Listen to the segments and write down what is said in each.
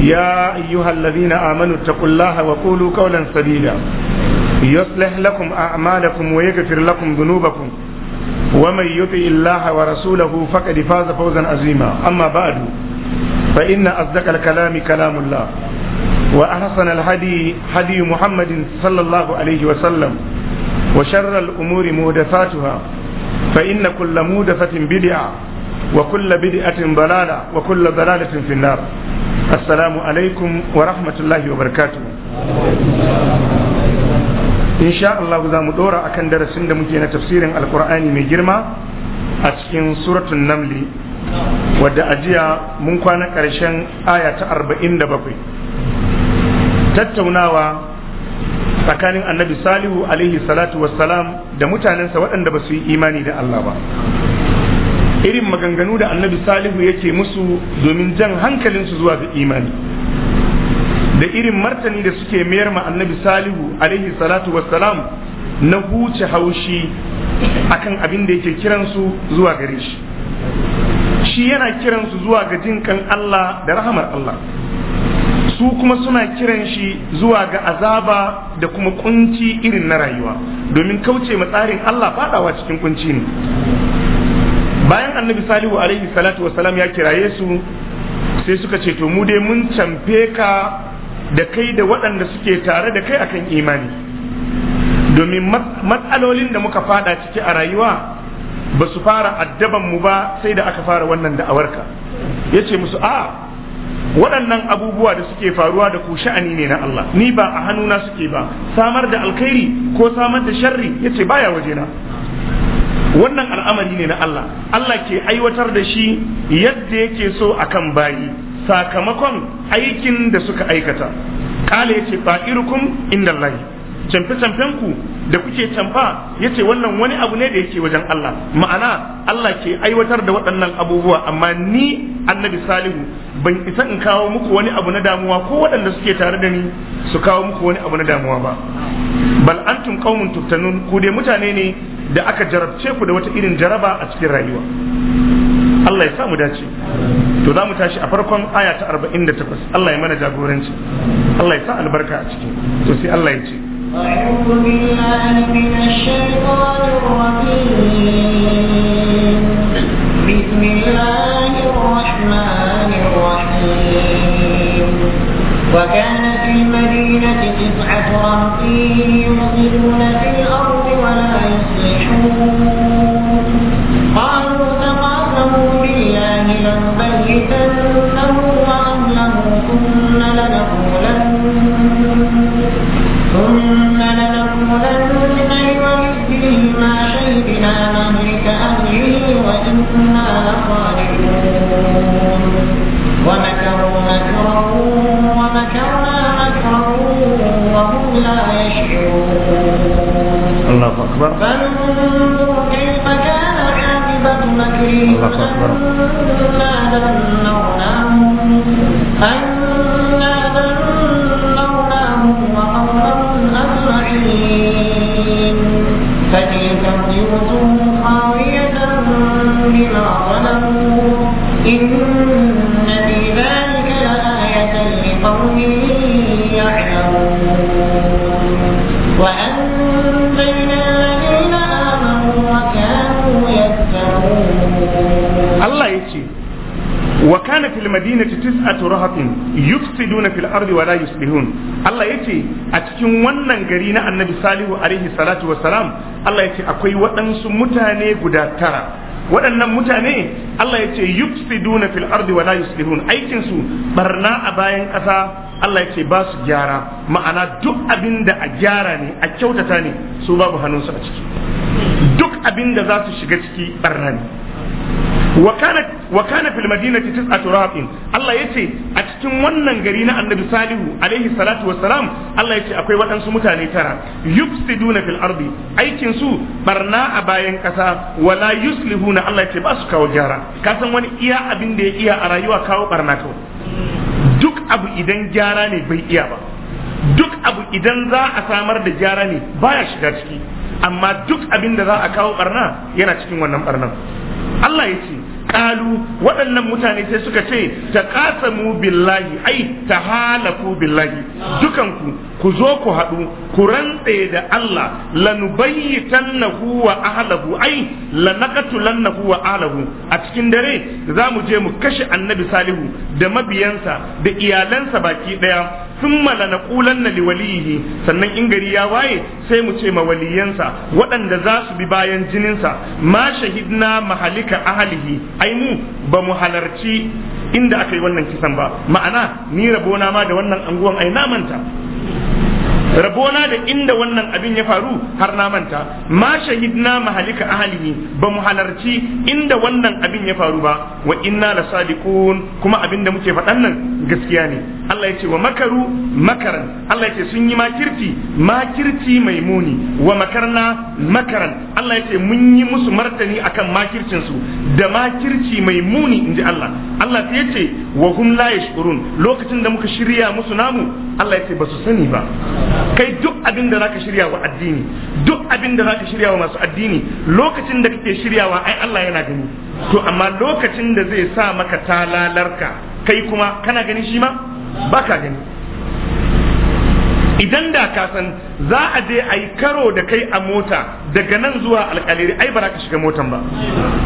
يا أيها الذين آمنوا اتقوا الله وقولوا قولا سديدا يصلح لكم أعمالكم ويغفر لكم ذنوبكم ومن يطع الله ورسوله فقد فاز فوزا عظيما أما بعد فإن أصدق الكلام كلام الله وأحسن الهدي هدي محمد صلى الله عليه وسلم وشر الأمور محدثاتها فإن كل مهدفة بدعة وكل بدعة ضلالة وكل ضلالة في النار assalamu alaikum wa rahmatullahi wa barkatu. insha Allah za mu dora akan darasin da muke na tafsirin alkur'ani mai girma a cikin suratun namli wadda ajiya mun kwana ƙarshen aya ta 47 tattaunawa tsakanin annabi salihu alaihi salatu wassalam da mutanensa waɗanda ba su yi imani da Allah ba irin maganganu da annabi salihu yake musu domin jan hankalinsu zuwa ga imani da irin martani da suke mayar ma annabi salihu alaihi salatu wassalam na huce haushi akan abin da yake kiransu zuwa gare shi shi yana kiransu zuwa ga jinkan Allah da rahamar Allah su kuma suna kiran shi zuwa ga azaba da kuma kunci irin na rayuwa domin kauce ma tsarin Allah fadawa cikin kunci ne bayan annabi salihu alaihi salatu wasalam ya kiraye su sai suka ce to mu dai mun canfe ka da kai da waɗanda suke tare da kai akan imani domin matsalolin da muka fada ciki a rayuwa ba su fara addaban mu ba sai da aka fara wannan da'awarka ya ce musu a waɗannan abubuwa da suke faruwa da ku sha'ani ne na Allah ni ba a hannuna suke ba samar da alkhairi ko samar da sharri yace baya wajena wannan al'amari ne na Allah Allah ke aiwatar da shi yadda yake so akan bayi sakamakon aikin da suka aikata kala yace fa'irukum inda Allah camfe camfen ku da kuke camfa yace wannan wani abu ne da yake wajen Allah ma'ana Allah ke aiwatar da waɗannan abubuwa amma ni annabi salihu ban isa in kawo muku wani abu na damuwa ko waɗanda suke tare da ni su kawo muku wani abu na damuwa ba bal antum qaumun tuftanun ku dai mutane ne da aka jarabce ku da wata irin jaraba a cikin rayuwa Allah ya samu dace to za mu tashi a farkon aya ta 48 Allah ya mana jagoranci Allah ya sa albarka a ciki to sai Allah ya ce وكان في المدينة تسعة رهط يفسدون في الأرض ولا يصلحون قالوا تقاسموا بالله لنبيتنه وأهله ثم لنقولن أكبر فانظر كيف كان عاقبة مكرهم أنا دمرناهم yufsiduna fil ardi wa la yuslihun Allah yace a cikin wannan gari na Annabi Salihu alaihi salatu wa salam Allah yace akwai waɗansu mutane guda tara waɗannan mutane Allah yace yufsiduna fil ardi wa la yuslihun aikin su barna a bayan ƙasa Allah ya ce ba su gyara ma'ana duk abinda a gyara ne a kyautata ne su babu hannunsu a ciki duk abin da za su shiga ciki barna ne wa kana fil madinati tis'atu rabin Allah yace a cikin wannan gari na Annabi Salihu alayhi salatu salam, Allah yace akwai waɗansu mutane tara yufsiduna fil ardi aikin su barna a bayan ƙasa wala yuslihuna Allah yace ba su kawo gyara ka san wani iya abin da ya iya a rayuwa kawo barna kawai duk abu idan gyara ne bai iya ba duk abu idan za a samar da gyara ne baya shiga ciki amma duk abin da za a kawo barna yana cikin wannan barnan Allah ya ce kalu waɗannan mutane sai suka ce ta mu billahi ai ta halaku billahi dukanku ku zo ku haɗu ku rantse da Allah lanubayyitannahu wa ahlahu ai lanaqatulannahu wa ahlahu a cikin dare za mu je mu kashe annabi salihu da mabiyansa da iyalansa baki ɗaya summa lanaqulanna walihi sannan in gari ya waye sai mu ce ma waliyansa waɗanda za su bi bayan jininsa ma shahidna mahalika ahlihi ai mu ba mu halarci inda aka yi wannan kisan ba ma'ana ni rabona ma da wannan anguwan ai na manta rabona da inda wannan abin ya faru har na manta ma shahidna mahalika ahalihi ba mu halarci inda wannan abin ya faru ba wa inna la sadiqun kuma abin da muke faɗan nan gaskiya ne Allah ya ce wa makaru makaran Allah ya ce sun yi makirci makirci mai muni wa makarna makaran Allah ya ce mun yi musu martani akan makircin su da makirci mai muni inji Allah Allah ya ce wa hum la yashkurun lokacin da muka shirya musu namu Allah ya ce ba su sani ba kai duk abin da zaka shirya wa addini duk abin da zaka shirya wa masu addini lokacin da kake shiryawa ai Allah yana gani to amma lokacin da zai sa maka talalarka kai kuma kana ganin shi ma ba ka gani idan da ka san za a je a yi karo da kai a mota daga nan zuwa alkaliri ai ba za ka shiga motan ba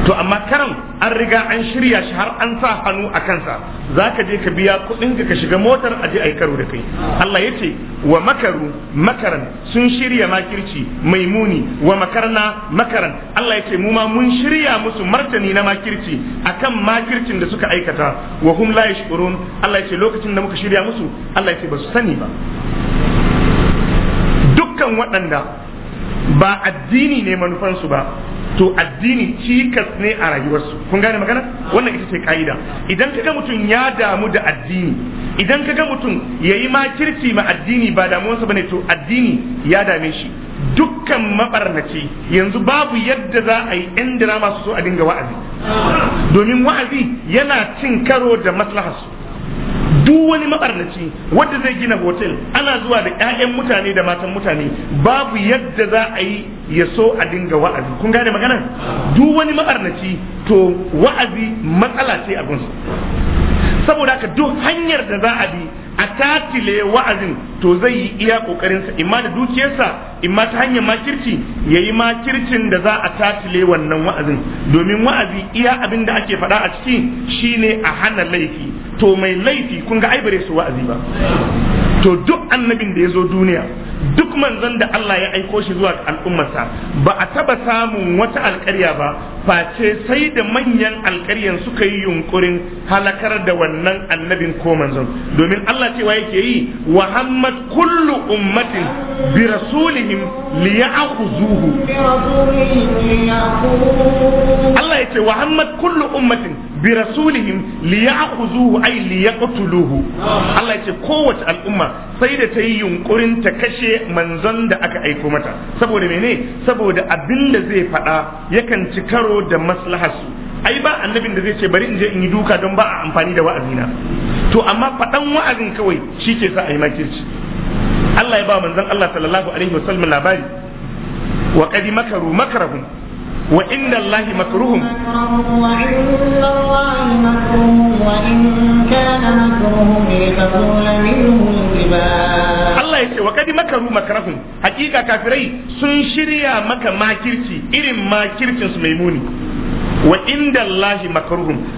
to amma karan an riga an shirya shi har an sa hannu a kansa za ka je ka biya kuɗin ka shiga motar a je a yi karo da kai Allah ya ce wa makaru makaran sun shirya makirci mai muni wa makarna makaran Allah ya ce mu ma mun shirya musu martani na makirci akan makircin da suka aikata wa hum la yashkurun Allah ya ce lokacin da muka shirya musu Allah ya ce ba su sani ba dukkan waɗanda ba addini ne manufansu ba to addini cikas ne a rayuwarsu kun gane magana wannan ita ce ka'ida idan ka ga mutum ya damu da addini idan ka kaga mutum yayi makirci ma addini ba damuwarsa bane to addini ya dame shi dukkan mabarnaci yanzu babu yadda za a yi yan masu so a dinga wa'azi domin wa'azi yana cin karo da maslaharsu duk wani matsarnaci wanda zai gina hotel ana zuwa da 'ya'yan mutane da matan mutane babu yadda za a yi ya so a dinga wa'azi kun gane magana duk wani matsarnaci to wa'azi matsala ce a gunsu saboda haka duk hanyar da za a bi a tatile wa'azin to zai yi iya kokarinsa imma da dukiyarsa imma ta hanyar makirci ya yi makircin da za a tatile wannan wa'azin domin wa'azi iya abin da ake faɗa a ciki shine a hana laifi to mai laifi kun ga aibare su wa'azi ba to duk annabin da ya zo duniya duk manzon da Allah ya aiko shi zuwa al'ummarsa ba a taba samun wata alƙarya ba face sai da manyan alƙaryan suka yi yunkurin halakar da wannan annabin ko manzon domin Allah cewa yake yi wa hammat kullu ummatin bi rasulihim li ya'khuzuhu Allah yake wa hammat kullu ummatin bi rasulihim li ya'khuzuhu ay li yaqtuluhu Allah yace kowace al'umma sai da tayi yunƙurin yunkurin ta kashe manzon da aka aiko mata saboda mene saboda abin da zai faɗa yakan ci karo da maslaharsu ai ba annabin da zai ce bari in je in yi duka don ba a amfani da wa'azina to amma faɗan wa'azin kawai shi ke sa a yi makirci Allah ya ba manzon Allah sallallahu alaihi wasallam labari wa qad makaru makarahum wa inda Allah makruhum Allah ya ce wa kadi makaru makarahum hakika kafirai sun shirya maka makirci irin makircin su mai muni wa inda Allahi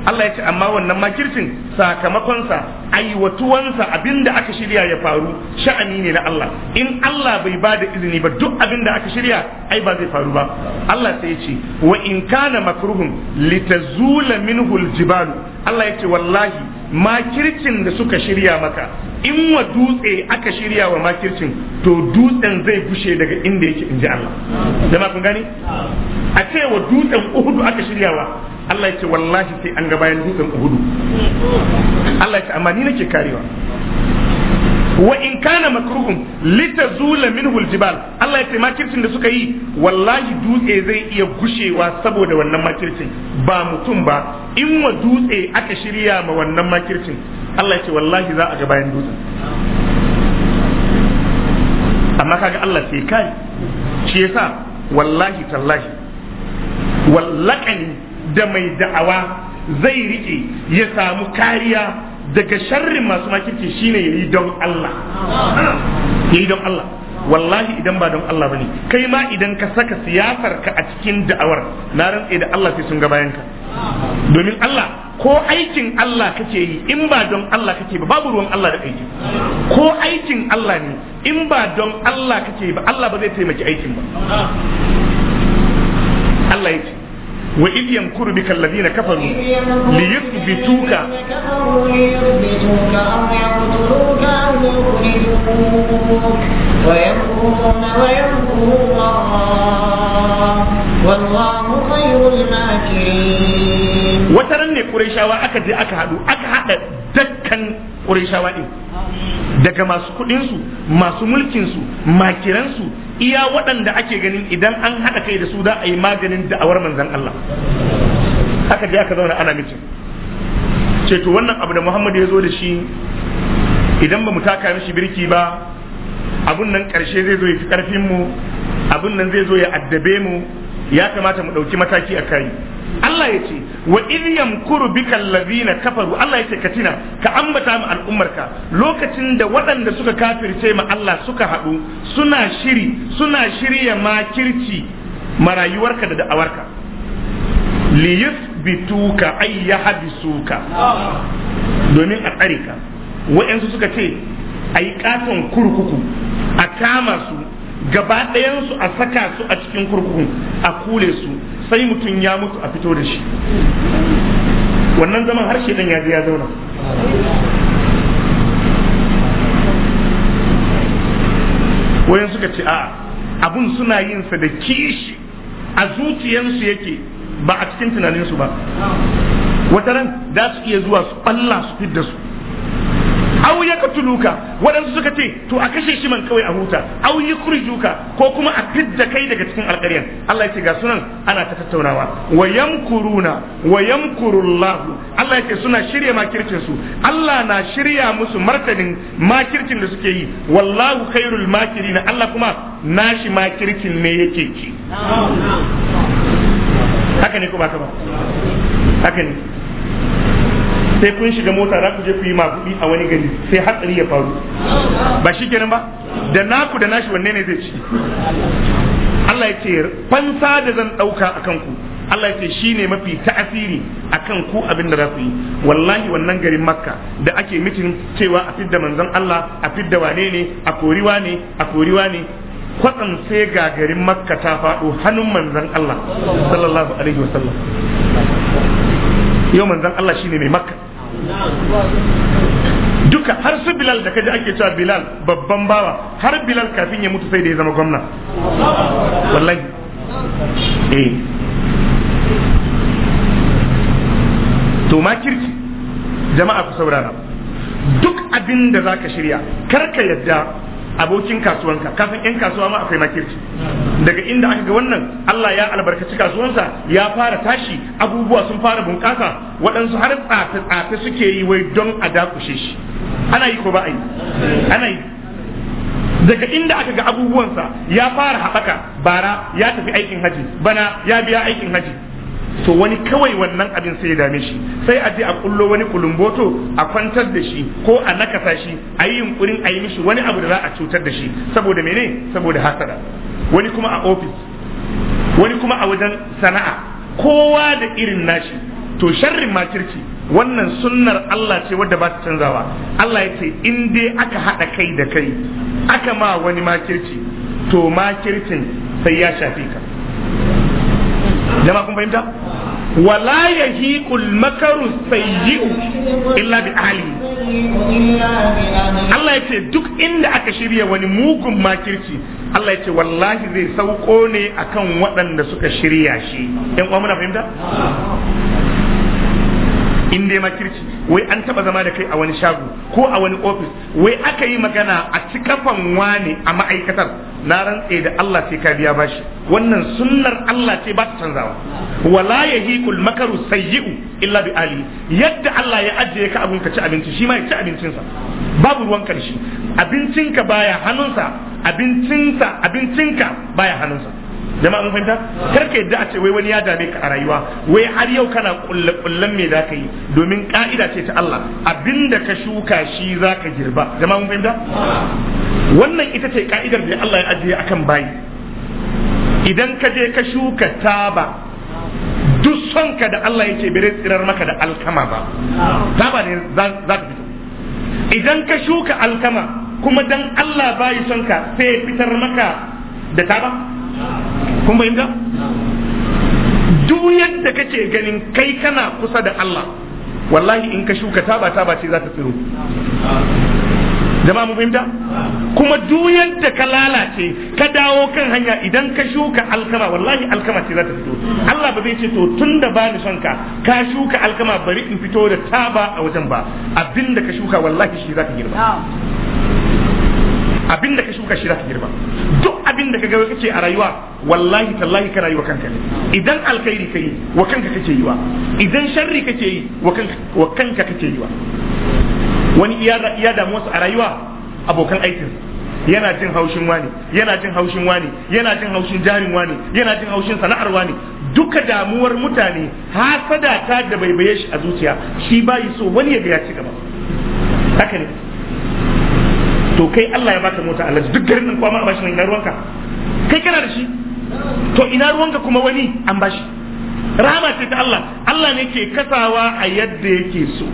Allah ya ce amma wannan makircin sakamakonsa aiwatuwansa abinda aka shirya ya faru sha'ani ne na Allah in Allah bai ba da izini ba duk abinda aka shirya ai ba zai faru ba Allah sai ya ce wa in kana makruhum litazula minhu aljibalu Allah ya ce wallahi makircin da suka shirya maka in wa dutse aka shirya wa makircin to dutsen zai gushe daga inda yake inji Allah jama kun gani a ce wa dutsen uhudu aka shirya wa Allah yake wallahi sai an ga bayan dutsen uhudu Allah yake amma ni nake karewa wa in kana makruhum litazula minhu aljibal Allah yace makircin da suka yi wallahi dutse zai iya gushewa saboda wannan makircin ba mutum ba in wa dutse aka shirya ma wannan makircin Allah ya ce wallahi za a ga bayan dutsen amma kaga Allah sai kai shi yasa wallahi tallahi wallakani da mai da'awa zai rike ya samu kariya daga sharrin masu makirci shine yayi don Allah yayi don Allah wallahi idan ba don Allah bane kai ma idan ka saka siyasar ka a cikin da'awar na rantsa da Allah sai sun ga bayan ka domin Allah ko aikin Allah kake yi in ba don Allah kake ba babu ruwan Allah da aiki ko aikin Allah ne in ba don Allah kake ba Allah ba zai taimaki aikin ba Allah yake wa idh yamkuru bika alladhina kafaru li yuthbituka wa yamkuru الله wallahu khayrul makirin wata ran ne Qurayshawa aka je aka haɗu aka haɗa dakkan kuraishawa din daga masu kuɗin su masu mulkin su makiran iya waɗanda ake ganin idan an haɗa kai da su da a yi maganin da'awar manzan Allah aka je aka zauna ana mitin Ceto wannan abu da Muhammad ya zo da shi idan ba mu taka mishi birki ba abun nan karshe zai zo ya fi karfin mu abun nan zai zo ya addabe mu ya kamata mu ɗauki mataki a kai Allah ya ce wa idyam kuru bika kafaru Allah ya ce ka tina ka ambata ma al'ummarka lokacin da waɗanda suka kafirce ma Allah suka haɗu suna shiri suna shirya makirci marayuwarka da da'awarka li yuthbituka ay yahbisuka domin a tsare ka wa'ansu suka ce ayi katon kurkuku a kama su gaba su a saka su a cikin kurkuku a kule su sai mutum ya mutu a fito da shi wannan zaman harshe shi ya je ya zauna wayan suka ce a abun suna yin sa da kishi a zuciyarsu yake ba a cikin tunaninsu ba wata ran za su iya zuwa su ɓalla su fidda su ya katuluka waɗansu suka ce to a kashe shi man kawai a huta ya kurjuka ko kuma a fidda kai daga cikin alƙaryan Allah ya ce ga sunan ana ta tattaunawa wa yamkuruna wa Allah ya ce suna shirya makircin su Allah na shirya musu martanin makircin da suke yi wallahu khairul makirin Allah kuma nashi makircin ne yake ki haka ne ko ba ka ba haka ne sai kun shiga mota za ku je ku yi mabuɗi a wani gari sai hatsari ya faru ba shi kenan ba da naku da nashi wanne ne zai ci Allah ya ce fansa da zan ɗauka a kanku Allah ya ce shi ne mafi ta'asiri a kan ku abin da za ku yi wallahi wannan garin makka da ake mitin cewa a fidda manzon Allah a fidda wane ne a koriwa ne a koriwa ne kwatsan sai ga garin makka ta faɗo hannun manzon Allah sallallahu alaihi wasallam yau manzon Allah shine mai makka duka har su bilal da kaji ake cewa bilal babban bawa har bilal kafin ya mutu sai da ya zama gwamna wallahi eh to ma kirki jama'a ku saurara duk abin da ka shirya karka yadda abokin kasuwanka kafin yan kasuwa ma akwai makirci daga inda aka ga wannan Allah ya albarkaci kasuwansa ya fara tashi abubuwa sun fara bunƙasa waɗansu har tsafe-tsafe suke yi wai don a dakushe shi ana yi ko ba a yi ana yi daga inda aka ga abubuwansa ya fara haɓaka bara ya tafi aikin haji bana ya biya aikin haji to wani kawai wannan abin sai ya dame shi sai a je a kullo wani kulumboto a kwantar da shi ko a nakasa shi a yi yunkurin a yi mishi wani abu da za a cutar da shi saboda mene saboda hasada wani kuma a ofis wani kuma a wajen sana'a kowa da irin nashi to sharrin makirci wannan sunnar Allah ce wadda ba ta canzawa Allah ya ce in dai aka haɗa kai da kai aka ma wani makirci to makircin sai ya shafe ka jama'a kun fahimta wala yahiqul makaru sayyi'u illa bi ahli Allah ya ce duk inda aka shirya wani mugun makirci Allah ya ce wallahi zai sauko ne akan waɗanda suka shirya shi yan uwa muna fahimta in dai makirci wai an taba zama da kai a wani shago ko a wani ofis wai aka yi magana a cikafan wane a ma'aikatar na rantse da Allah sai ka biya bashi wannan sunnar Allah ce ba ta canzawa wala yahiqul makaru sayyi'u illa bi ali yadda Allah ya ajiye ka abin ka ci abinci shi ma ya ci abincinsa babu ruwan karshe abincinka baya hannunsa abincinsa abincinka baya hannunsa jama'a mun fahimta kar ka yadda a ce wai wani ya dame ka a rayuwa wai har yau kana kulle kullen me zaka yi domin ka'ida ce ta Allah abinda ka shuka shi zaka girba jama'a mun fahimta wannan ita ce ka'idar da Allah ya ajiye akan bayi idan ka je ka shuka taba duk son ka da Allah ya ce bare tsirar maka da alkama ba taba ne za ka fito idan ka shuka alkama kuma dan Allah bai son ka sai fitar maka da taba kun fahimta duk yadda kake ganin kai kana kusa da Allah wallahi in ka shuka taba taba ce za ta tsiro jama'a mu fahimta kuma duk yadda ka lalace ka dawo kan hanya idan ka shuka alkama wallahi alkama ce za ta fito Allah ba zai ce to tunda ba ni son ka ka shuka alkama bari in fito da taba a wajen ba abinda ka shuka wallahi shi za ka girma. abinda ka shuka shi za ka girma abin da gawa kace a rayuwa wallahi tallahi kana yi wa kanka ne idan alkhairi kai wa kanka kake yi wa idan sharri kake yi wa kanka kake yi wa wani iya damu wasu a rayuwa abokan aikin yana jin haushin wani yana jin haushin wani yana jin haushin jarin wani yana jin haushin sana'ar wani duka damuwar mutane hasada ta da baibaye shi a zuciya shi bayi so wani ya ga ya ci gaba haka ne to kai Allah ya baka mota Allah duk garin nan ko ma bashi ina ruwanka kai kana da shi to ina ruwanka kuma wani an bashi rahama ce ta Allah Allah ne ke kasawa a yadda yake so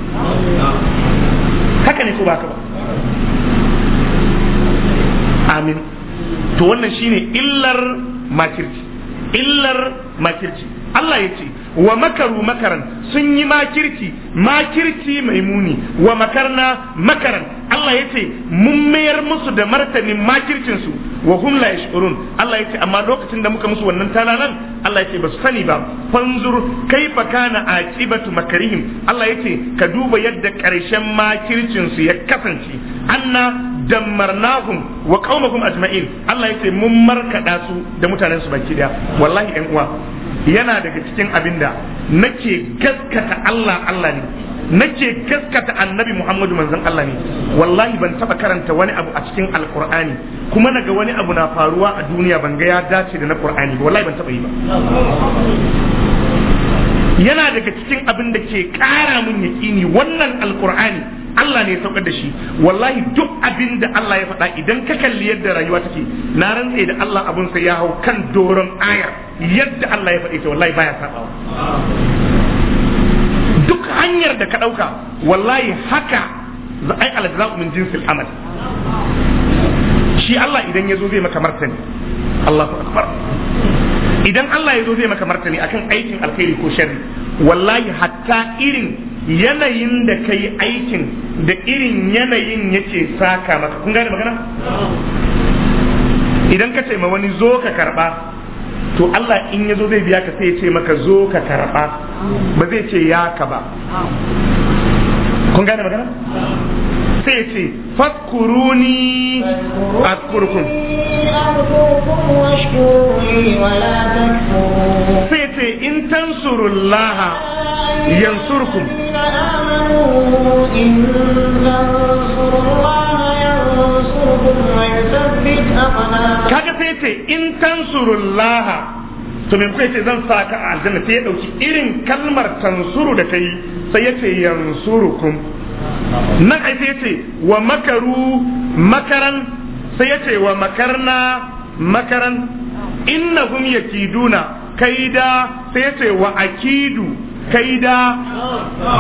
haka ne ko baka ba amin to wannan shine illar makirci illar makirci Allah ya ce wa makaru makaran sun yi makirci makirci mai muni wa makarna makaran Allah ya ce mun mayar musu da martanin makircinsu wa hum la yashurun Allah ya ce amma lokacin da muka musu wannan nan, Allah ya ce ba su sani ba fanzur kaifa kana aqibatu makarihim Allah ya ce ka duba yadda karshen makircinsu ya kasance anna dammarnahum wa qaumahum ajma'in Allah ya ce mun markada su da mutanen su baki daya wallahi ɗan uwa yana daga cikin abinda nake gaskata Allah Allah ne nake gaskata annabi Muhammadu manzon Allah ne wallahi ban taba karanta wani abu a cikin alqur'ani kuma naga wani abu na faruwa a duniya ban ga ya dace da na qur'ani wallahi ban taba yi ba yana daga cikin abin da ke kara mun yaqini wannan alqur'ani Allah ne ya saukar da shi wallahi duk abin da Allah ya faɗa idan ka kalli yadda rayuwa take na rantse da Allah abun sai ya hau kan doron ayar yadda Allah ya faɗe ta wallahi baya sabawa duk hanyar da ka ɗauka wallahi haka za ai aljaza'u min jinsil amal shi Allah idan ya zo zai maka martani Allahu akbar idan Allah ya zo zai maka martani akan aikin alkhairi ko sharri wallahi hatta irin yanayin da ka yi aikin da irin yanayin ya yake saka maka kun gane magana idan ka ce ma wani zo ka karba to Allah in ya zo zai biya ka sai ya ce maka zo ka karba ba zai ce ya ka ba kun gane magana sai ce fadkuruni azkurkum sai ce in tansurullaha yansurkum kaga sai ce in tansurullaha to me ce zan sa ka aljanna sai ya dauki irin kalmar tansuru da yi sai ya ce yansurukum nan ai sai ce wa makaru makaran sai ce wa makarna makaran innahum yakiduna kaida sai ce wa akidu kaida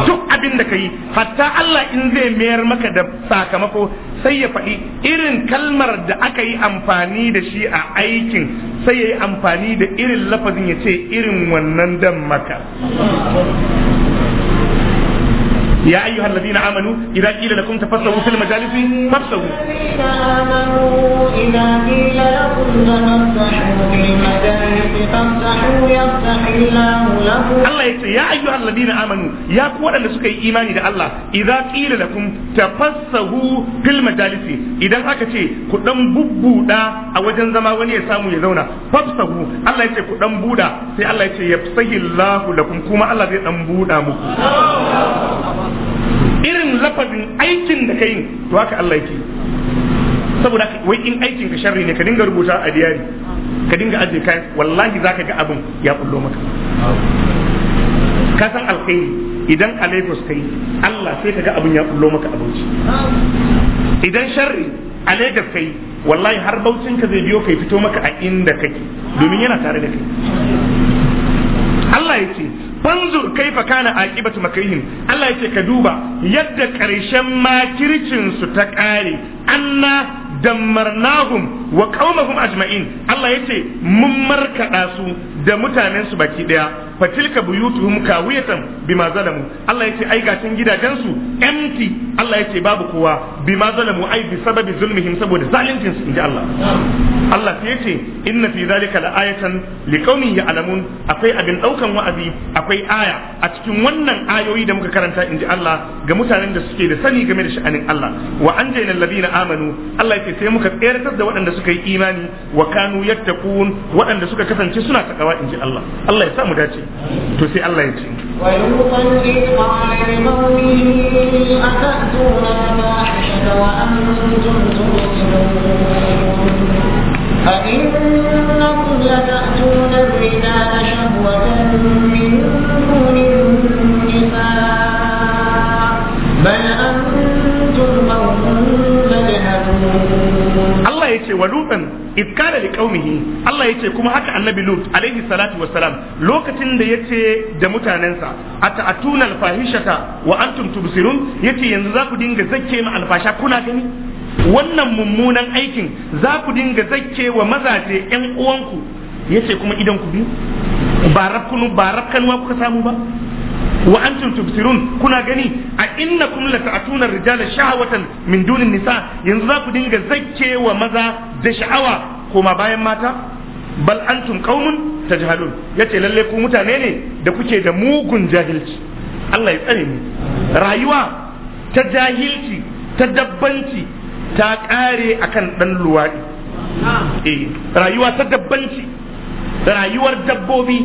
duk abin da yi. hatta Allah in zai mayar maka da sakamako sai ya faɗi irin kalmar da aka yi amfani da shi a aikin sai ya yi amfani da irin lafazin ya ce irin wannan dan maka يا أيها الذين آمنوا إذا قيل لكم تفسحوا في المجالس فافسحوا إذا قيل لكم تفسحوا في المجالس فافسحوا يفسح الله لكم الله يقول يا أيها الذين آمنوا يا قوة أن سكي إيماني دا الله إذا قيل لكم تفسحوا في المجالس إذا أكتي كدن ببو دا أوجن زما وني يسامو يزونا فافسحوا الله يقول كدن بودا سي الله يقول يفسح الله لكم كما الله يقول بودا مكو irin lafazin aikin da kai to haka Allah yake saboda wai in aikin ka sharri ne ka dinga rubuta a diyari ka dinga aje kai wallahi zaka ga abin ya kullo maka ka san alkhairi idan alaikos kai Allah sai ka ga abin ya kullo maka abinci idan sharri alaikos kai wallahi har baucin ka zai biyo kai fito maka a inda kake domin yana tare da kai Allah yake fanzur kaifa kana aqibatu makrihim Allah yace ka duba yadda karshen makircin su ta kare anna dammarnahum wa qaumahum ajma'in Allah ya ce mun markaɗa su da mutanensu su baki ɗaya fatilka buyutuhum kawiyatan bima zalamu Allah ya ce ai gatan gidajen su empty Allah ya ce babu kowa bima zalamu ai bi sababi zulmihim saboda zalincin su inji Allah Allah sai ya ce inna fi zalika la'ayatan liqaumin ya'lamun akwai abin daukan wa'azi akwai aya a cikin wannan ayoyi da muka karanta inji Allah ga mutanen da suke da sani game da sha'anin Allah wa anjayna alladhina amanu Allah ya ce sai muka tsayar da waɗanda suka yi imani wa kanu kanu yattaqun waɗanda suka kasance suna takawa in ji Allah Allah ya sa mu dace to sai Allah ya ce بل أنتم Allah ya ce wa lutan iskara da kaumihi Allah ya ce kuma haka annabi lut alaihi salatu wa salam lokacin da ya ce da mutanensa ata'atuna fahishata wa antum tubsirun yace yanzu za ku dinga zakke ma alfasha kuna gani wannan mummunan aikin za ku dinga zakke wa mazaje yan uwanku ya ce kuma idan ku biyu ba rafkanuwa kuka samu ba wa antum tubsirun kuna gani a innakum lata'tuna rijala shahawatan min dunin nisa yanzu za ku dinga zacce wa maza da sha'awa koma bayan mata bal antum qaumun tajhalun yace lalle ku mutane ne da kuke da mugun jahilci Allah ya tsare mu rayuwa ta jahilci ta dabbanci ta kare akan dan luwadi eh rayuwa ta dabbanci rayuwar dabbobi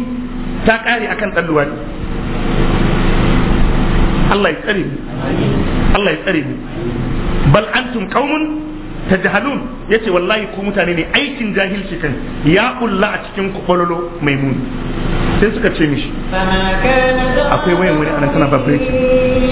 ta kare akan dan luwadi Allah ya tsare mu Allah ya tsare mu bal antum qaumun tajhalun yace wallahi ku mutane ne aikin jahilci kan ya kulla a cikin kwakwalolo mai muni sai suka ce mishi akwai wayan wani anan tana babbar ki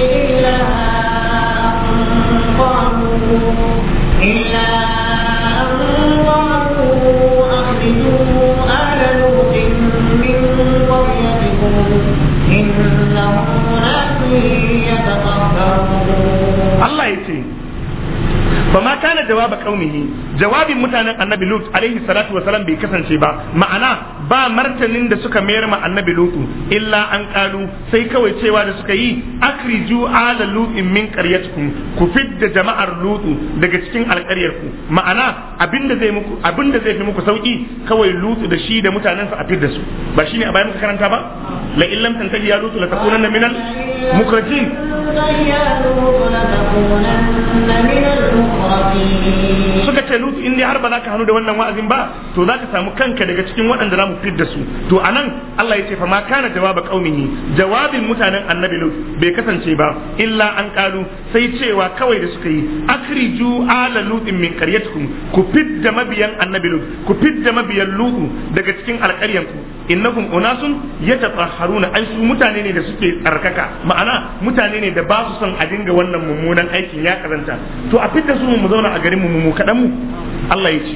Allah ya fa ma kana jawaba qaumihi jawabin mutanen annabi lut alaihi salatu wa salam bai kasance ba ma'ana ba martanin da suka mayar ma annabi lutu illa an kalu sai kawai cewa da suka yi akriju ala lutin min qaryatikum ku fidda jama'ar lutu daga cikin alƙaryar ku ma'ana abinda zai fi muku sauki kawai lutu da shi da mutanensa a fidda su ba shine a bayan muka karanta ba la illam tantahi ya lutu la takunanna minal mukrajin suka ce lutu in dai har ba za ka hannu da wannan wa'azin ba to za ka samu kanka daga cikin waɗanda za mu fidda su to anan Allah ya ce fa ma kana jawaba qaumihi jawabin mutanen annabi lut bai kasance ba illa an kalu sai cewa kawai da suka yi akriju ala lutin min qaryatikum ku fidda mabiyan annabi lut ku fidda mabiyan lutu daga cikin alƙaryanku innakum unasun yatatahharuna ai su mutane ne da suke tsarkaka ma'ana mutane ne da ba su son a dinga wannan mummunan aikin ya karanta to a fidda su mu mu zauna a garin mu mu kaɗan mu Allah ya ce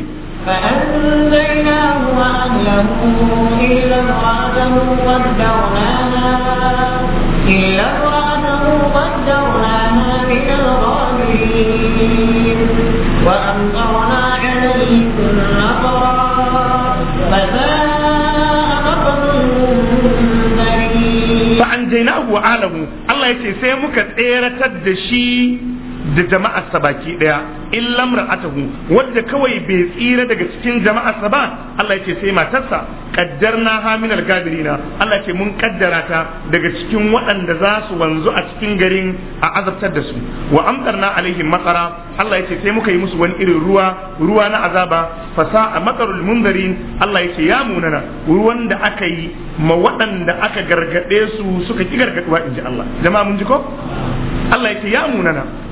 فأنجيناه وعالمه الله يتي سيمك تيرتد شي da jama'arsa baki daya in lamra atahu wadda kawai bai tsira daga cikin jama'arsa ba Allah ya ce sai matarsa kaddarna ha min alkabirina Allah ya ce mun kaddara ta daga cikin waɗanda za su wanzu a cikin garin a azabtar da su wa amtarna alaihim matsara Allah ya ce sai muka yi musu wani irin ruwa ruwa na azaba fasa a matsarul mundarin Allah ya ce ya munana ruwan da aka yi ma waɗanda aka gargaɗe su suka ki gargaɗuwa in ji Allah jama'a mun ji ko Allah ya ce ya munana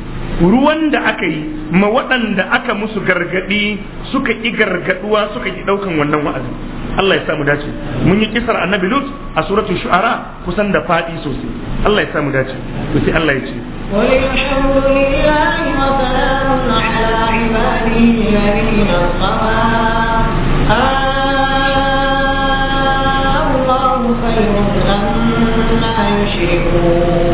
ruwan da aka yi ma waɗanda aka musu gargaɗi suka ƙi gargaɗuwa suka ƙi ɗaukan wannan wa'azi Allah ya samu dace mun yi kisar annabi Lut a suratul shu'ara kusan da faɗi sosai Allah ya samu dace to sai Allah ya ce يشركون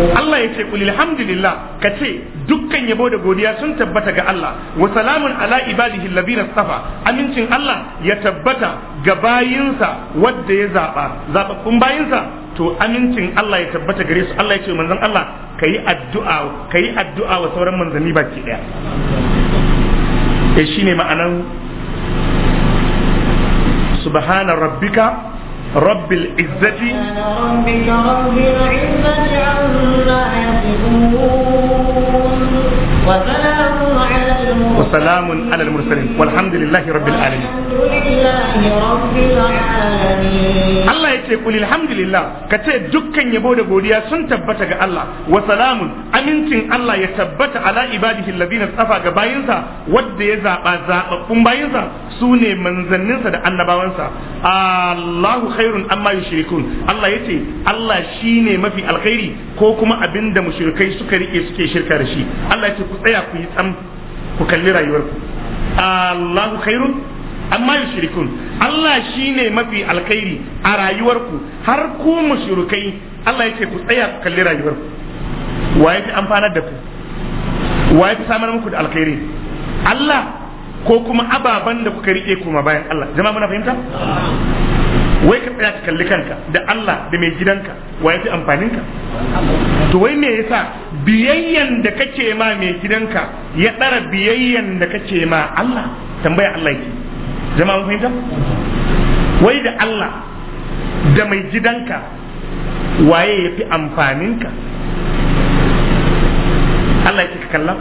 ya ce kulil hamdulillah ka ce dukkan yabo da godiya sun tabbata ga Allah wa salamun ala ibadihi alladhina safa amincin Allah ya tabbata ga bayinsa wanda ya zaba zababbun bayinsa to amincin Allah ya tabbata gare su Allah ya ce manzon Allah kayi addu'a kayi addu'a wa sauran manzanni baki daya eh shine ma'anan subhana rabbika رب العزة وسلام وسلام على المرسلين والحمد لله رب العالمين Allah ya ce kulil hamdulillah ka ce dukkan yabo da godiya sun tabbata ga Allah wa salamun amincin Allah ya tabbata ala ibadihi alladhina tsafa ga bayinsa wadda ya zaba zababbun bayinsa su ne manzanninsa da annabawansa Allahu khairun amma yushrikun Allah ya ce Allah ne mafi alkhairi ko kuma abinda mushrikai suka rike suke shirka da shi Allah ya ce ku tsaya ku yi tsam ku kalli rayuwarku Allahu khairun amma yushrikun Allah shine mafi alkhairi a rayuwarku har ku mushrikai Allah yace ku tsaya ku kalli rayuwarku waye ta amfanar da ku waye ta samar muku da alkhairi Allah ko kuma ababan da kuka rike kuma bayan Allah jama'a muna fahimta wai ka tsaya ka kalli kanka da Allah da mai gidanka wa ya fi amfanin ka to wai me yasa biyayyan da kake ma mai gidanka ya ɗara biyayyan da kake ma Allah tambaya Allah yake jama'a mun fahimta wai da Allah da mai gidanka waye ya fi amfanin ka Allah yake ka kalla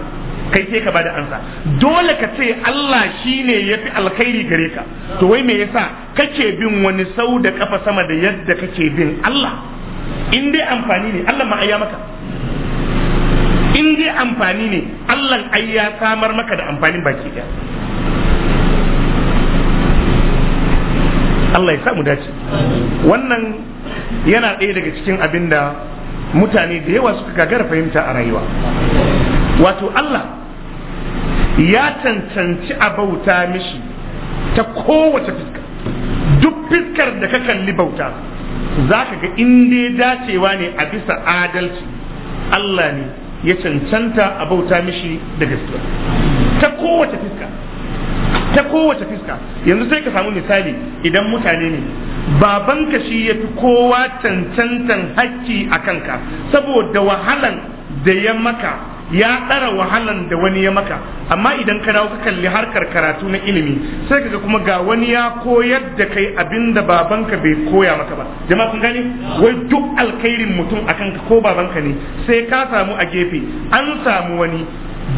kai sai ka bada ansa dole ka ce Allah shine yafi alkhairi gare ka to wai me yasa kake bin wani sau da kafa sama da yadda kake bin Allah in dai amfani ne Allah ma ya maka in dai amfani ne Allah ai ya samar maka da amfanin baki daya Allah ya samu dace wannan yana ɗaya daga cikin abin da mutane da yawa suka gagara fahimta a rayuwa wato Allah ya cancanci a bauta mishi ta kowace fiska duk fiskar da ka kalli bauta za ka ga inda ya dacewa ne a bisa adalci Allah ne ya cancanta a bauta mishi da gaskiya ta kowace fiska ta kowace fiska yanzu sai ka samu misali idan mutane ne babanka shi ya fi kowa cancantan hakki a kanka saboda wahalan da ya maka ya ɗara wahalan da wani ya maka amma idan ka dawo ka kalli harkar karatu na ilimi sai kaga kuma ga wani ya koyar da kai abin da babanka bai koya maka ba jama'a kun gani wai duk alkhairin mutum akan ka ko babanka ne sai ka samu a gefe an samu wani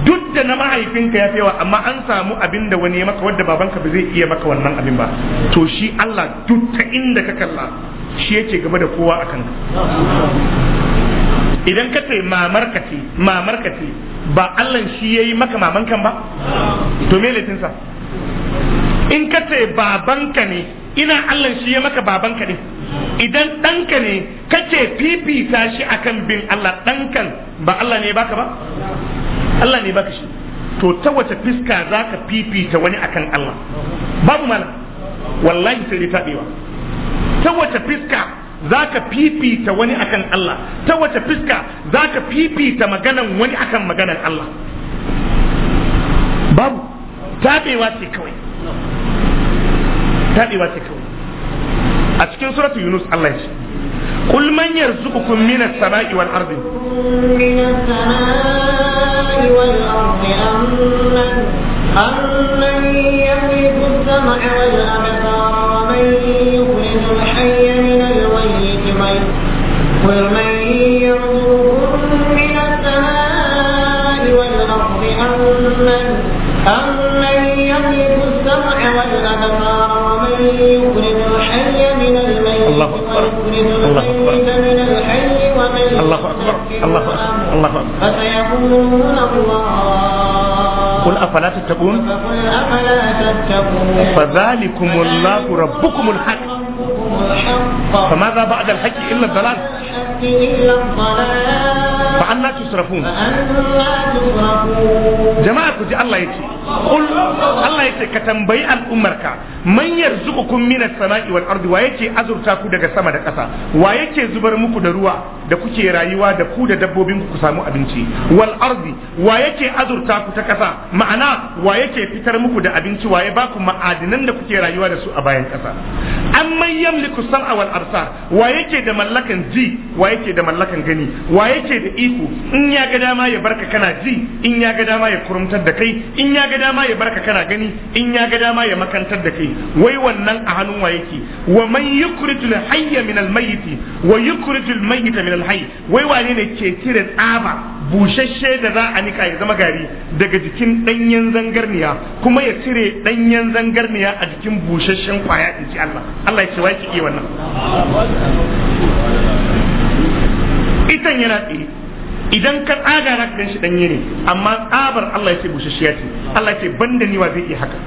duk da na mahaifinka ya fewa amma an samu abin da wani ya maka wadda babanka ba zai iya maka wannan abin ba to shi Allah duk ta inda ka kalla shi yake gaba da kowa akan ka idan ka ce mamar ka ce mamar ce ba Allah shi yayi maka mamankan ba to me laifin sa in ka ce babanka ne ina Allah shi ya maka babanka ne idan ɗanka ne ce fifita shi akan bin Allah ɗankan ba Allah ne baka ba Allah ne baka shi to ta wace fiska za ka fifita wani akan Allah babu mana wallahi sai ta ta wace fiska za ka fifita wani akan Allah ta wace fiska za ka fifita maganan wani akan maganan Allah babu taɓewa ce kawai taɓewa ce kawai a cikin suratu yunus Allah ya ce قل من يرزقكم من السماء والأرض من السماء والأرض أمن أمن يملك السمع والأبصار ومن يخرج الحي من عليه قل من يرزقكم من السماء والأرض أمن أمن يملك السمع والأبصار ومن يخرج الحي من الميت الله أكبر الله أكبر من الحي ومن الله أكبر الله أكبر الله أكبر فسيقولون الله قل أفلا تتقون فذلكم الله ربكم الحق فماذا بعد الحج إلا الضلال فأنا تصرفون جماعة الله يكفي kul Allah yace ka tambayi al'ummarka man yarzuqukum minas sama'i wal ardi wa yake azurta ku daga sama da ƙasa wa yake zubar muku da ruwa da kuke rayuwa da ku da dabbobin ku samu abinci wal ardi wa yake azurta ku ta ƙasa ma'ana wa yake fitar muku da abinci wa ya ba ku ma'adinan da kuke rayuwa da su a bayan ƙasa An yamliku sam'a wal absar wa yake da mallakan ji wa yake da mallakan gani wa yake da iko in ya ga dama ya barka kana ji in ya ga dama ya kurumtar da kai in ya ga dama ya barka kana gani in ya ga dama ya makantar da kai wai wannan a hannun wa yake wa man yukritu hayya min al wa yukritu mayyita min alhayy wai wane ne ke cire tsaba bushashe da za a nika ya zama gari daga jikin danyen zangarniya kuma ya cire danyen zangarniya a jikin bushashen kwaya in ji Allah Allah ya ce wa yake wannan idan ka tsaga na kan shi danye ne amma tsabar Allah ya ce bushashiya ce Allah ce banda ni wa zai yi haka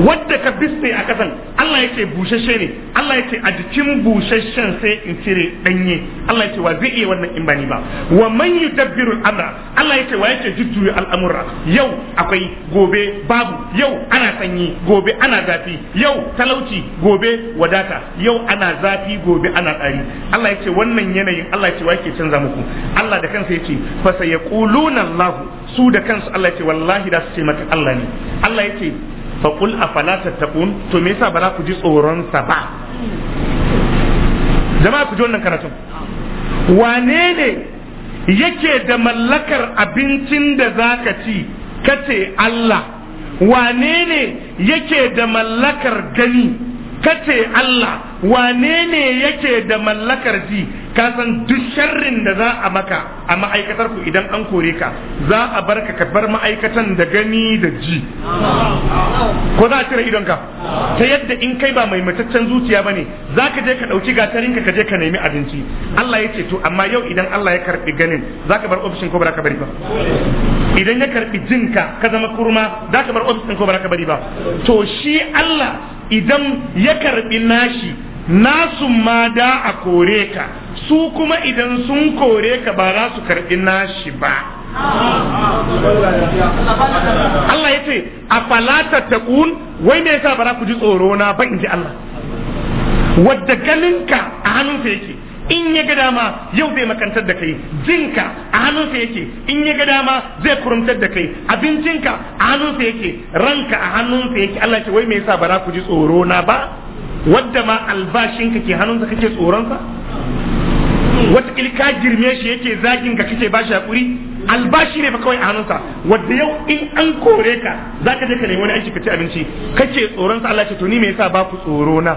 wadda ka bisne a kasan Allah ya ce bushashe ne Allah ya ce a jikin bushashen sai in cire danye Allah ya ce wa zai iya wannan in bani ba wa man yudabbiru amra Allah ya ce wa yake jujjuya al'amura yau akwai gobe babu yau ana sanyi gobe ana zafi yau talauci gobe wadata yau ana zafi gobe ana tsari Allah ya ce wannan yanayin Allah ya ce wa yake canza muku Allah da kansa ya ce fa sayaqulunallahu su da kansu Allah ya ce wallahi da su ce maka Allah ne Allah ya ce fa a falata taɓun to me yasa ba za ku ji tsoron sa ba jama'a ku ji wannan karatun wane ne yake da mallakar abincin da za ka ci kace Allah wane ne yake da mallakar gani kace Allah wane ne yake da mallakar ji ka san duk sharrin da za a maka a ma'aikatar ku idan an kore ka za a bar ka ka bar ma'aikatan da gani da ji ko za a cire idon ka ta yadda in kai ba mai mataccen zuciya bane za ka je ka dauki gatarin ka je ka nemi abinci Allah ya ce to amma yau idan Allah ya karbi ganin za ka bar ofishin ko ba ka bari ba idan ya karbi jinka ka zama kurma za ka bar ofishin ko ba ka bari ba to shi Allah idan ya karbi nashi nasun ma da a kore ka su kuma idan sun kore ka ba za su karbi nashi ba Allah ya ce a falata ta wai me yasa ba za ku ji tsoro na ba in ji Allah wadda ganinka a hannunsa yake in ya ga dama yau zai makantar da kai jinka a hannunsa yake in ya ga dama zai kurumtar da kai abincinka a hannunsa yake ranka a hannunsa yake Allah ce wai me yasa ba ku ji tsoro na ba wadda ma albashinka ke hannunsa kake tsoronsa wata ka girme shi yake zagin ka kake bashi hakuri albashi ne fa kawai a hannunsa wadda yau in an kore ka zaka je ka nemi wani aiki ka ci abinci kake tsoron sa Allah ce to ni me yasa ba ku tsoro na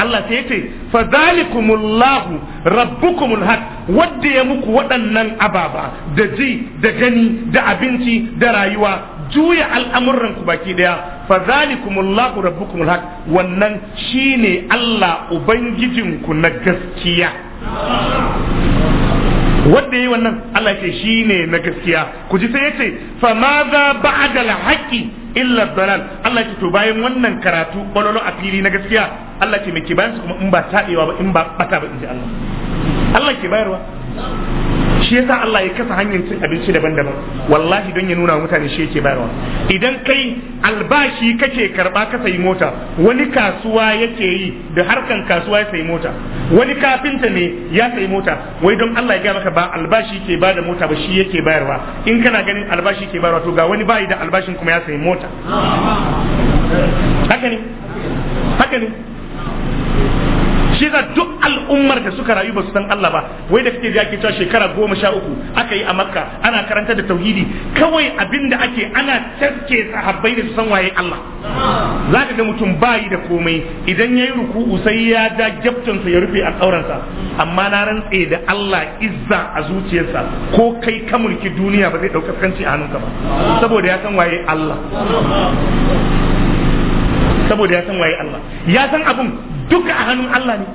Allah sai ce fa zalikumullahu rabbukumul haq wadda ya muku waɗannan ababa da ji da gani da abinci da rayuwa juya al'amuran ku baki daya fa zalikumullahu rabbukumul haq wannan shine Allah ku na gaskiya wanda yi wannan Allah ce shi ne na gaskiya ku ji sai ya fa ma za ba'da al-haqqi illa dalal Allah ce to bayan wannan karatu kwalolo a fili na gaskiya Allah ce mai ke bayan su kuma in ba taɓewa ba in ba bata ba in ji Allah Allah ke bayarwa shi yasa Allah ya kasa hanyar cin abinci daban-daban wallahi don ya nuna mutane shi yake bayarwa idan kai albashi kake karba ka sayi mota wani kasuwa yake yi da harkan kasuwa ya sayi mota wani kafinta ne ya sayi mota wai don Allah ya ga maka ba albashi ke bada mota ba shi yake bayarwa in kana ganin albashi ke bayarwa to ga wani bai da albashin kuma ya sayi mota haka ne haka ne shi ga duk al'ummar da suka rayu ba su san Allah ba wai da kake yake cewa shekara goma sha uku aka yi a makka ana karanta da tauhidi kawai abin da ake ana tarke sahabbai da su san waye Allah za ka ga mutum bayi da komai idan ya yi ruku'u sai ya ja gyaftonsa ya rufe sauransa amma na rantse da Allah izza a zuciyarsa ko kai ka mulki duniya ba zai ɗaukar kanci a hannunka ba saboda ya san waye Allah saboda ya san waye Allah ya san abun duka a hannun Allah ne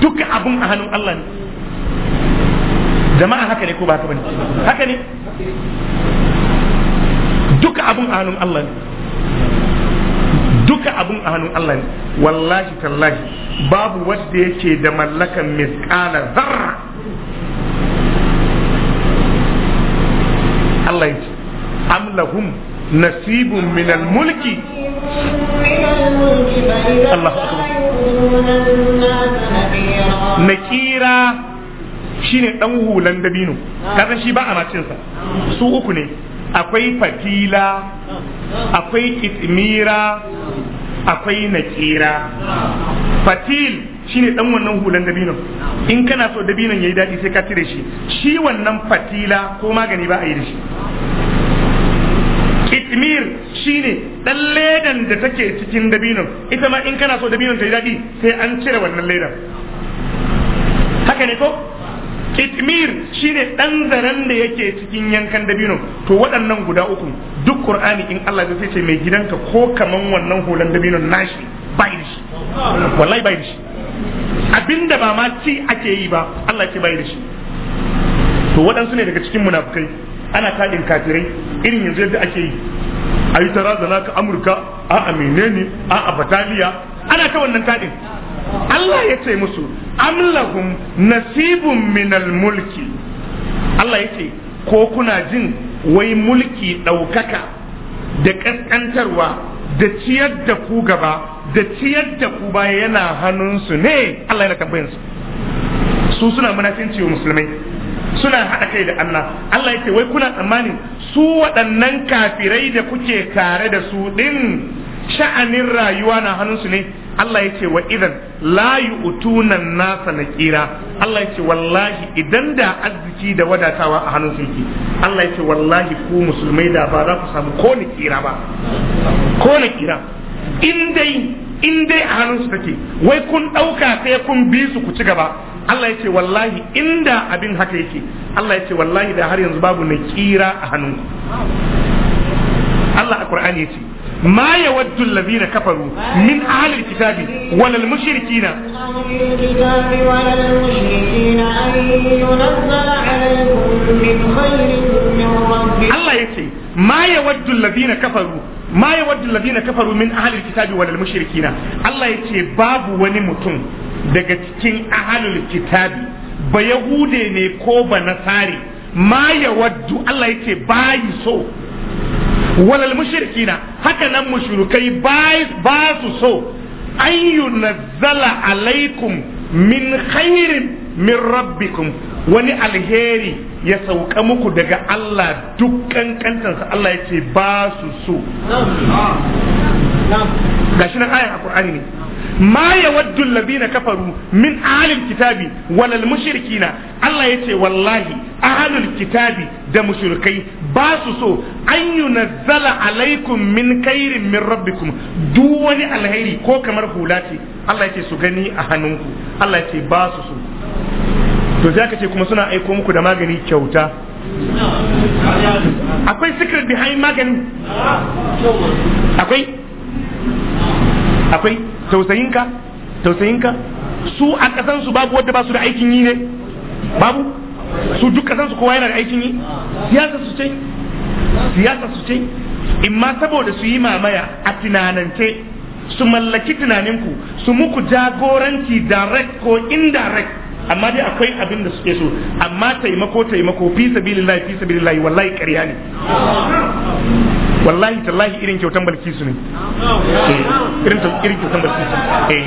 duka abun a hannun Allah ne jama'a haka ne ko ba haka bane haka ne duka abun a hannun Allah ne duka abun a hannun Allah ne wallahi tallahi babu wanda yake da mallakan misqala zarra Allah ya ce am lahum nasibun minal mulki Naƙira shine dan hulan dabino kasan shi ba a macinsa su uku ne akwai fatila akwai kitmira akwai nakira fatil shine ɗan wannan hulan dabino, in kana so dabinon yayi dadi sai ka tire shi shi wannan fatila ko magani ba a yi da shi shine dan ledan da take cikin dabinon ita ma in kana so dabinon ta yi daɗi sai an cire wannan ledan haka ne ko kitmir shine dan zaren da yake cikin yankan dabino to waɗannan guda uku duk qur'ani in Allah zai ce mai gidanka ko kaman wannan hulan dabino nashi bai da shi wallahi bai da shi abinda ba ma ci ake yi ba Allah ce bai da shi to waɗansu ne daga cikin munafukai ana tadin kafirai irin yanzu yadda ake yi ai tarazana ka amurka a amine ne a bataliya ana ta wannan Allah ya ce musu amlahum nasibun minal mulki Allah ya ce ko kuna jin wai mulki ɗaukaka da ƙasƙantarwa da ciyar da ku gaba da ciyar da ku baya yana hannunsu ne Allah yana tambayansu su suna munafinci ciwo musulmai suna haɗa kai da Allah Allah yake wai kuna tsammanin su waɗannan kafirai da kuke tare da su ɗin sha'anin rayuwa na hannunsu ne Allah yake wa idan la yu'tunan nasa naqira Allah yake wallahi idan da arziki da wadatawa a hannun su yake Allah yake wallahi ku musulmai da ba za ku samu ko kira ba ko in dai in dai a hannunsu take wai kun ɗauka sai kun bi su ku ci gaba Allah ya ce wallahi inda abin haka yake Allah ya ce wallahi da har yanzu babu na kira a hannunku Allah a Qur'ani ya ce ما يود الذين كفروا من أهل الكتاب ولا المشركين ولا المشركين أن ينزل عليكم من خير من ربكم الله يتي ما يود الذين كفروا ma yawaddu alladhina kafaru min ahli alkitabi wal mushrikina Allah yace babu wani mutum daga cikin ahlul kitabi ba yahude ne ko ba nasari ma yawaddu Allah yace bayi so walal mushrikina haka nan mushrikai ba su so an yunazzala alaikum min khairin min rabbikum wani alheri ya sauka muku daga Allah duk kankantansa Allah ya ce ba su so gashi nan ayan alqur'ani ne ma yawaddu alladhina kafaru min ahlil kitabi walal mushrikina Allah yace wallahi ahlul kitabi da mushrikai ba su so an yunazzala alaikum min khairin min rabbikum duk wani alheri ko kamar hula ce Allah ce su gani a hannunku Allah ce ba su so to sai aka ce kuma suna aiko muku da magani kyauta akwai secret behind magani akwai akwai tausayinka tausayinka su a su babu wadda ba su da aikin yi ne babu su duk su kowa yana da aikin yi siyasa su ce siyasa su ce imma saboda su yi mamaya a tunanance su mallaki tunaninku su muku jagoranci direct ko indirect amma dai akwai abin da suke so amma taimako taimako fi sabilillahi fi sabilillahi wallahi ƙarya ne wallahi tallahi irin kyautan balkisu ne eh, irin kyautan balkisu eh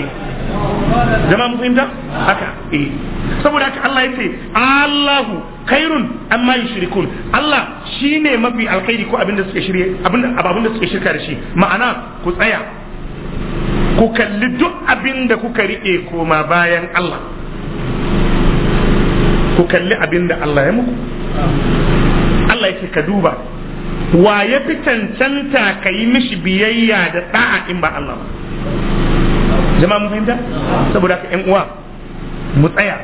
jama'a mu fahimta haka eh saboda haka Allah ya ce Allahu khairun amma yushrikun Allah shine mafi alkhairi ko abinda suke shirye abinda abinda suke shirka da shi ma'ana ku tsaya ku kalli duk abinda kuka rike koma bayan Allah ku kalli abin da Allah ya muku Allah ya ce ka duba wa ya fi cancanta ka yi mishi biyayya da da'a in ba Allah ba jama'a mu fahimta saboda ka yan uwa mu tsaya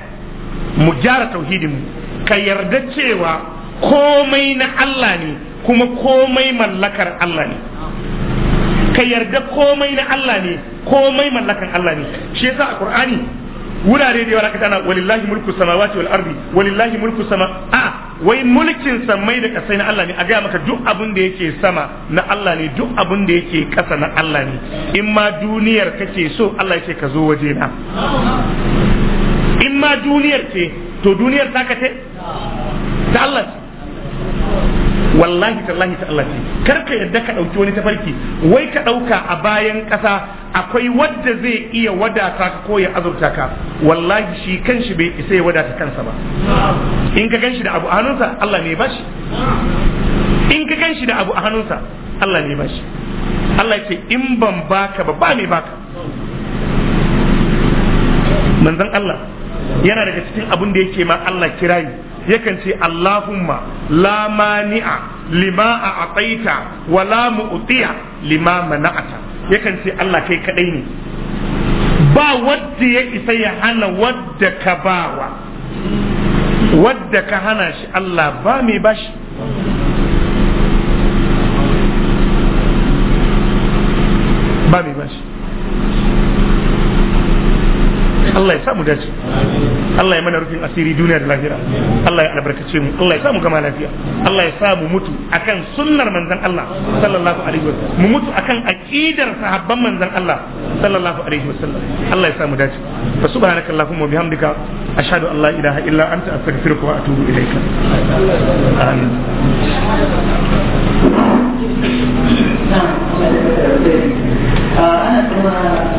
mu gyara tauhidin mu ka yarda cewa komai na Allah ne kuma komai mallakar Allah ne ka yarda komai na Allah ne komai mallakar Allah ne shi yasa a Qur'ani wurare da yawa na katana walillahi mulku samawati wal ardi walillahi mulku sama a wai mulkin samai da kasai na Allah ne a gaya maka duk abin da yake sama na Allah ne duk abin da yake kasa na Allah ne in ma duniyar kake so Allah yake ka zo waje na in ma duniyar ce to duniyar ta ce ta Allah wallahi tallahi ta Allah ce kar ka yadda ka dauki wani tafarki wai ka dauka a bayan kasa akwai wadda zai iya wadata ka ko ya azurta ka wallahi shi kanshi bai isa ya wadata kansa ba in ka ganshi da abu a hannunsa Allah ne bashi in ka ganshi da abu a hannunsa Allah ne bashi Allah ya ce in ban baka ba ba ne baka manzon Allah yana daga cikin abin da yake ma Allah kirayi yakan ce Allahumma la mani'a lima a ataita wa la mu'tiya lima mana'ata yakan ce Allah kai kadai ne ba wadda ya isa ya hana wadda ka bawa wadda ka hana shi Allah ba mai bashi ba mai bashi Allah ya samu dace Allah ya mana rufin asiri duniya da lahira Allah ya albarkace mu Allah ya samu gama lafiya Allah ya samu mutu akan sunnar manzon Allah sallallahu alaihi wasallam mu mutu akan aqidar sahabban manzon Allah sallallahu alaihi wasallam Allah ya samu dace fa subhanakallahu wa bihamdika ashhadu an la ilaha illa anta astaghfiruka wa atubu ilaika amin ana kuma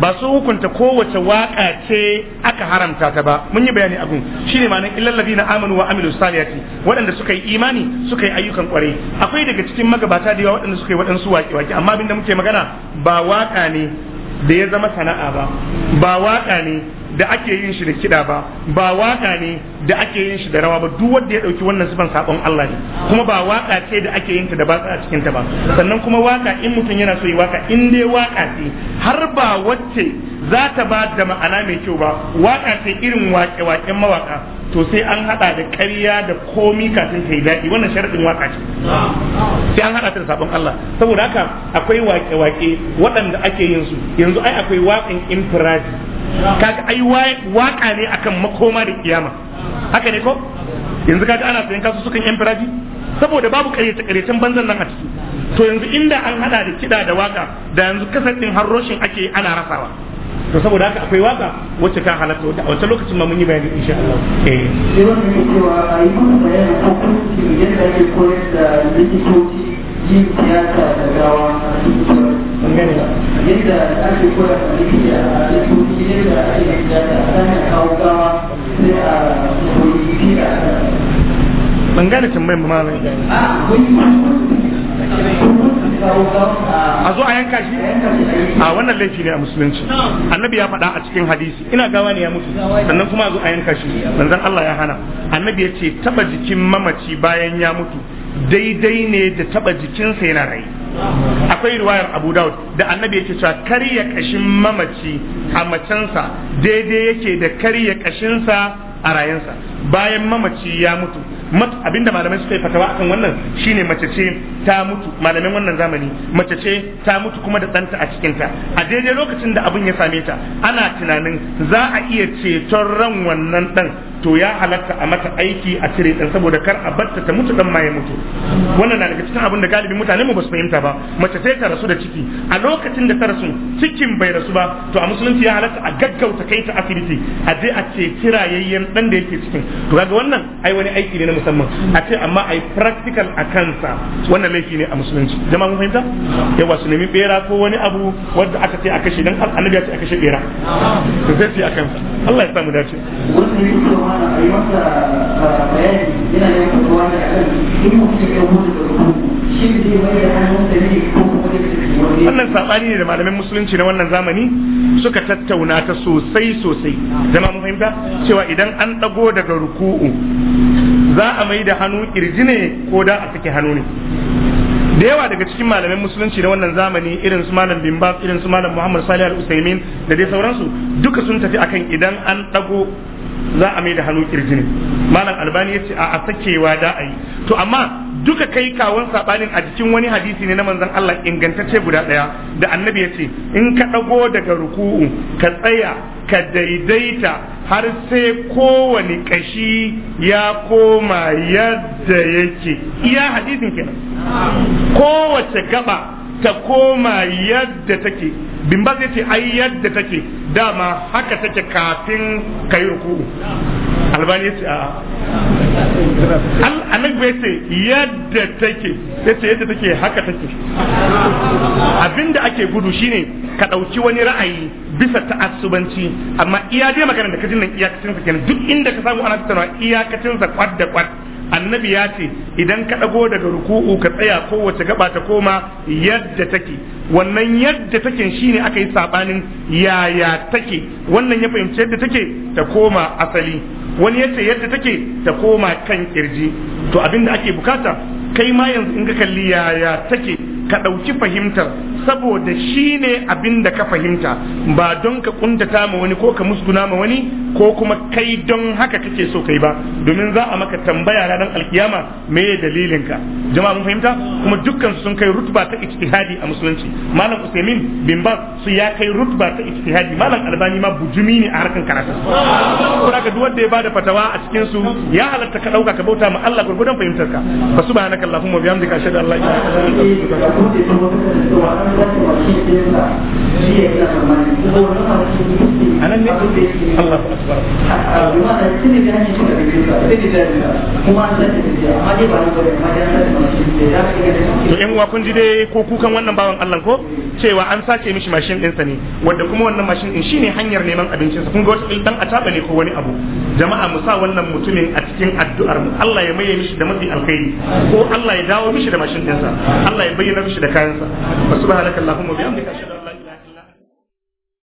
ba su hukunta kowace waka ce aka haramta ta ba mun yi bayani abun ne ma'anar illal na amanu wa amilu saliyati waɗanda suka yi imani suka yi ayyukan kwarai akwai daga cikin magabata da yawa waɗanda suka yi waɗansu waƙe-waƙe amma abin da muke magana ba waka ne da ya zama sana'a ba ba waka ne da ake yin shi da kiɗa ba ba waka ne da ake yin shi da rawa ba duk wanda ya ɗauki wannan sifan sabon Allah ne kuma ba waka ce da ake yin ta da batsa a cikin ta ba sannan kuma waka in mutum yana so ya waka in dai waka ce har ba wacce za ta ba da ma'ana mai kyau ba waka ce irin wake-waken mawaka to sai an hada da ƙarya da komi kafin ta yi daɗi wannan sharadin waka ce sai an hada ta da sabon Allah saboda haka akwai wake-wake waɗanda ake yin su yanzu ai akwai waƙin infiraji kaga ai waka ne akan makoma da kiyama haka ne ko yanzu kaga ana sayan kasu sukan yan firaji saboda babu kare karyacen banzan nan a ciki to yanzu inda an hada da kida da waka da yanzu kasancin din har roshin ake ana rasawa to saboda haka akwai waka wacce ta halatta wata a wata lokacin ma mun yi bayani insha Allah eh yawan wannan ne cewa a mana bayani a kuncin yadda ake koyar da likitoci yin tiyata da gawa a cikin yadda ake koya a yankoki yadda ake da ta hanyar kawo gawa sai a koyi fiya ban gane tambayin ba malamin a zo a yanka shi a wannan laifi ne a musulunci annabi ya faɗa a cikin hadisi ina gawa ne ya mutu sannan kuma a zo a yanka shi manzon Allah ya hana annabi ya ce taba jikin mamaci bayan ya mutu daidai ne da taba jikinsa yana rai akwai riwayar abu daud da annabi yake cewa karya kashin mamaci a macensa daidai yake da karya kashinsa a rayansa bayan mamaci ya mutu abinda malamai suka yi fatawa akan wannan shine mace ce ta mutu malamin wannan zamani mace ce ta mutu kuma da ɗanta a cikinta a daidai lokacin da abin ya same ta ana tunanin za a iya ceton ran wannan ɗan to ya halatta a mata aiki a cire dan saboda kar a batta ta mutu dan maye mutu wannan na daga cikin abin da galibin mutane mu ba su fahimta ba mace sai ta rasu da ciki a lokacin da ta rasu cikin bai rasu ba to a musulunci ya halatta a gaggauta kai ta asibiti a je a ce kira yayyen dan da yake cikin to kaga wannan ai wani aiki ne na musamman a ce amma ai practical a kansa wannan laifi ne a musulunci jama'a mun fahimta yawa su nemi bera ko wani abu wanda aka ce a kashe dan annabi ya ce a kashe bera to sai a kansa Allah ya samu dace wannan saɓani ne da malamin musulunci na wannan zamani suka tattauna ta sosai sosai zama muhimta cewa idan an ɗago daga ruku'u za a mai da hannu ƙirji ne ko da a sake hannu ne da yawa daga cikin malamin musulunci na wannan zamani irin su malam bin irin su malam muhammad salih al-usaimin da dai sauransu duka sun tafi akan idan an dago za a mai da hannu kirji malam albani ya ce a sakewa da a yi to amma duka kai kawon sabanin a cikin wani hadisi ne na manzon Allah ingantacce guda daya da annabi ya ce in ka dago daga ruku'u ka tsaya ka daidaita har sai kowane kashi ya koma yadda yake iya hadisin kenan kowace gaba ta koma yadda take bin ba zai ce ai yadda take dama haka take kafin kai ruku albani yace a annabi bai ce yadda take yace yadda take haka take abinda ake gudu shine ka dauki wani ra'ayi bisa ta'assubanci amma iya dai magana da kajin nan iyakacin sa kenan duk inda ka samu ana tattaunawa iyakacin sa kwad da kwad annabi ya ce idan ka ɗago daga ruku'u ka tsaya kowace gaba ta koma yadda take wannan yadda take shine aka yi saɓanin yaya take wannan ya fahimci yadda take ta koma asali wani yace yadda take ta koma kan kirji to abinda ake bukata kai ma yanzu in ka kalli yaya take ka ɗauki fahimtar saboda shi ne abin da ka fahimta ba don ka kuntata ma wani ko ka musguna ma wani ko kuma kai don haka kake so kai ba domin za a maka tambaya ranar alkiyama me ye dalilin ka jama'a mun fahimta kuma dukkan sun kai rutba ta ijtihadi a musulunci malam usaimin bin bas su ya kai rutba ta ijtihadi malam albani ma bujumi ne a harkan karatu kuma ka duk wanda ya bada fatawa a cikin su ya halatta ka dauka ka bauta ma Allah gurgudan fahimtar ka fa subhanakallahumma bihamdika ashhadu an la ilaha illa anta astaghfiruka wa atubu ilaik anan Allah akbar ba ko kun ji dai ko kukan wannan bawan Allah ko cewa an sace mishi mashin ɗinsa ne wanda kuma wannan mashin ɗin shine hanyar neman abincinsa kun ga wata dan a taba ne ko wani abu jama'a musa wannan mutumin a cikin addu'ar mu Allah ya maye mishi da mafi alkhairi ko Allah ya dawo mishi da mashin ɗinsa Allah ya bayyana mishi da kayansa subhanahu سبحانك اللهم وبحمدك اشهد ان